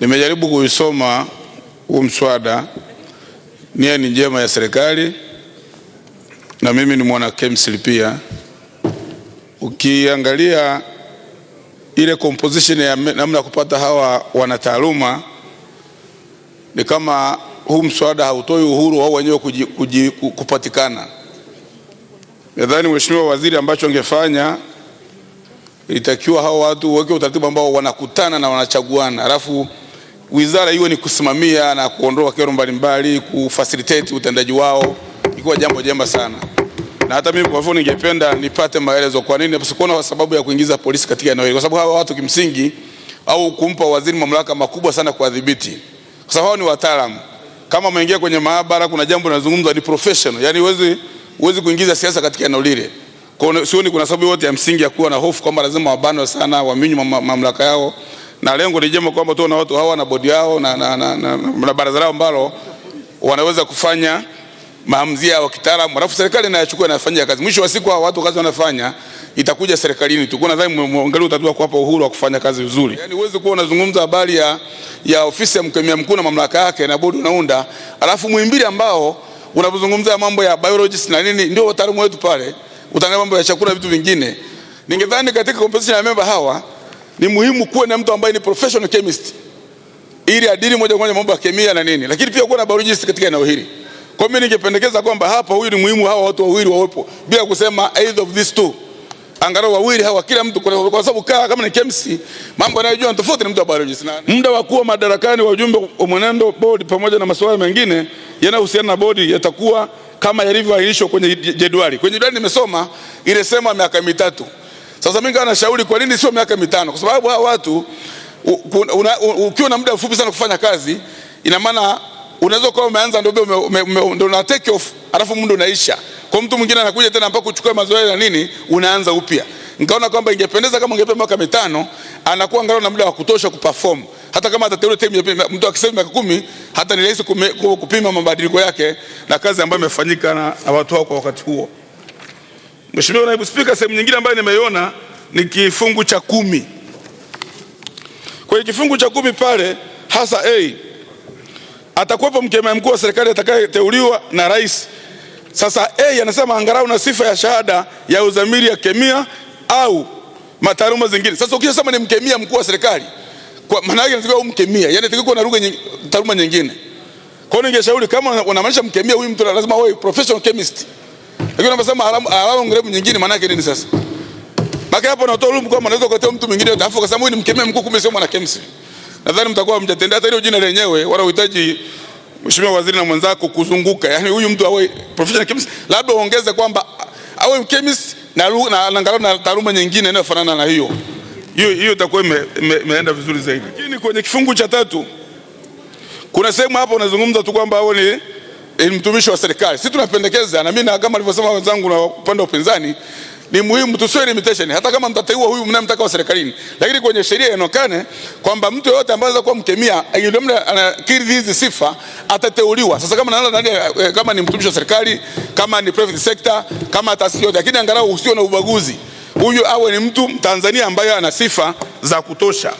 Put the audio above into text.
Nimejaribu kuisoma huu mswada, nia ni njema ya serikali na mimi ni mwana KMSL pia. Ukiangalia ile composition ya namna ya kupata hawa wanataaluma, ni kama huu mswada hautoi uhuru wao wenyewe kupatikana. Nadhani Mheshimiwa Waziri, ambacho angefanya ilitakiwa hao watu waweke utaratibu ambao wanakutana na wanachaguana, alafu wizara hiyo ni kusimamia na kuondoa kero mbalimbali, kufacilitate utendaji wao, ikiwa jambo jema sana. Na hata mimi kwa hivyo ningependa nipate maelezo kwa nini sikuona sababu ya kuingiza polisi katika eneo hili, kwa sababu hawa watu kimsingi, au kumpa waziri mamlaka makubwa sana kuwadhibiti, kwa sababu hao ni wataalamu. Kama umeingia kwenye maabara, kuna jambo linazungumzwa ni professional, yani huwezi huwezi kuingiza siasa katika eneo lile. Kwa hiyo sioni kuna sababu yote ya msingi ya kuwa na hofu kwamba lazima wabanwe sana, waminywe mamlaka yao na lengo ni jema kwamba tu na watu hawa na bodi yao na, na, na, na, na na, na baraza lao ambalo wanaweza kufanya maamuzi yao kitaalamu, alafu serikali inayachukua inafanyia kazi. Mwisho wa siku hao watu kazi wanafanya itakuja serikalini tu. Kuna nadhani mwangalia utatua kuwapa uhuru wa kufanya kazi vizuri. Yani uweze kuwa unazungumza habari ya, ya ofisi ya mkemia mkuu na mamlaka yake na bodi unaunda, alafu Muhimbili ambao unapozungumza mambo ya biologist na nini ndio wataalamu wetu pale, utaangalia mambo ya chakula vitu vingine. Ningedhani katika compensation ya member hawa ni muhimu kuwe na mtu ambaye ni professional chemist ili adili moja kwa moja mambo ya kemia na nini, lakini pia kuwe na biologist katika eneo hili. Kwa mimi ningependekeza kwamba hapa, huyu ni muhimu, hawa watu wawili wawepo, bila kusema either of these two, angalau wawili hawa, kila mtu, kwa sababu kaa kama ni chemist, mambo anayojua ni tofauti na mtu wa biologist. Na Muda wa kuwa madarakani wa ujumbe wa mwenendo board pamoja na masuala mengine yanayohusiana na bodi yatakuwa kama yalivyoainishwa kwenye jedwali. Kwenye jedwali nimesoma ile sema miaka mitatu. Sasa mimi nashauri kwa nini sio miaka mitano? Kwa sababu hawa watu ukiwa na muda mfupi sana kufanya kazi, ina maana unaweza kuwa umeanza ndio ndio una take off, alafu muda unaisha. Kwa mtu mwingine anakuja tena mpaka uchukue mazoea na nini, unaanza upya. Nikaona kwamba ingependeza kama ungepewa miaka mitano, anakuwa angalau na muda wa kutosha kuperform. Hata kama atateule time mtu akisema miaka kumi, hata ni rahisi kupima mabadiliko yake na kazi ambayo imefanyika na watu wao kwa wakati huo. Mheshimiwa Naibu Spika, sehemu nyingine ambayo nimeiona ni kifungu cha kumi. Kwenye kifungu cha kumi pale hasa hey, atakuwepo mkemia mkuu wa serikali atakayeteuliwa na rais. Sasa hey, anasema angalau na sifa ya shahada ya uzamili ya kemia au mataaluma zingine. Sasa ukishasema ni mkemia mkuu wa serikali, kwa maana yake unatakiwa mkemia, yani tikiko na lugha nyingine, taaluma nyingine. Kwa hiyo ningeshauri kama unamaanisha mkemia, huyu mtu lazima awe professional chemist, lakini unaposema alamu ngrebu nyingine, maana yake nini sasa? Maka hapo natoa ulumu kwamba unaweza kutoa mtu mwingine utafu kwa sababu huyu ni mkemia mkuu, kumbe sio mwana KEMSI. Nadhani mtakuwa mjatendea hata hilo jina lenyewe, wala uhitaji mheshimiwa waziri na mwenzako kuzunguka. Yani huyu mtu awe professional KEMSI, labda uongeze kwamba awe mkemisi na na angalau na taaluma nyingine inayofanana na hiyo. Hiyo hiyo itakuwa imeenda vizuri zaidi. Lakini kwenye kifungu cha tatu kuna sehemu hapo unazungumza tu kwamba awe ni mtumishi wa serikali. Sisi tunapendekeza na mimi na kama alivyosema wenzangu na upande wa upinzani ni muhimu tusiwe limitation, hata kama mtateua huyu mnayemtaka wa serikalini, lakini kwenye sheria inaonekane kwamba mtu yoyote ambaye anaweza kuwa mkemia anakiri hizi sifa atateuliwa. Sasa kama naona ndani, eh, kama ni mtumishi wa serikali, kama ni private sector, kama taasisi yote, lakini angalau usio na ubaguzi, huyu awe ni mtu Tanzania ambaye ana sifa za kutosha.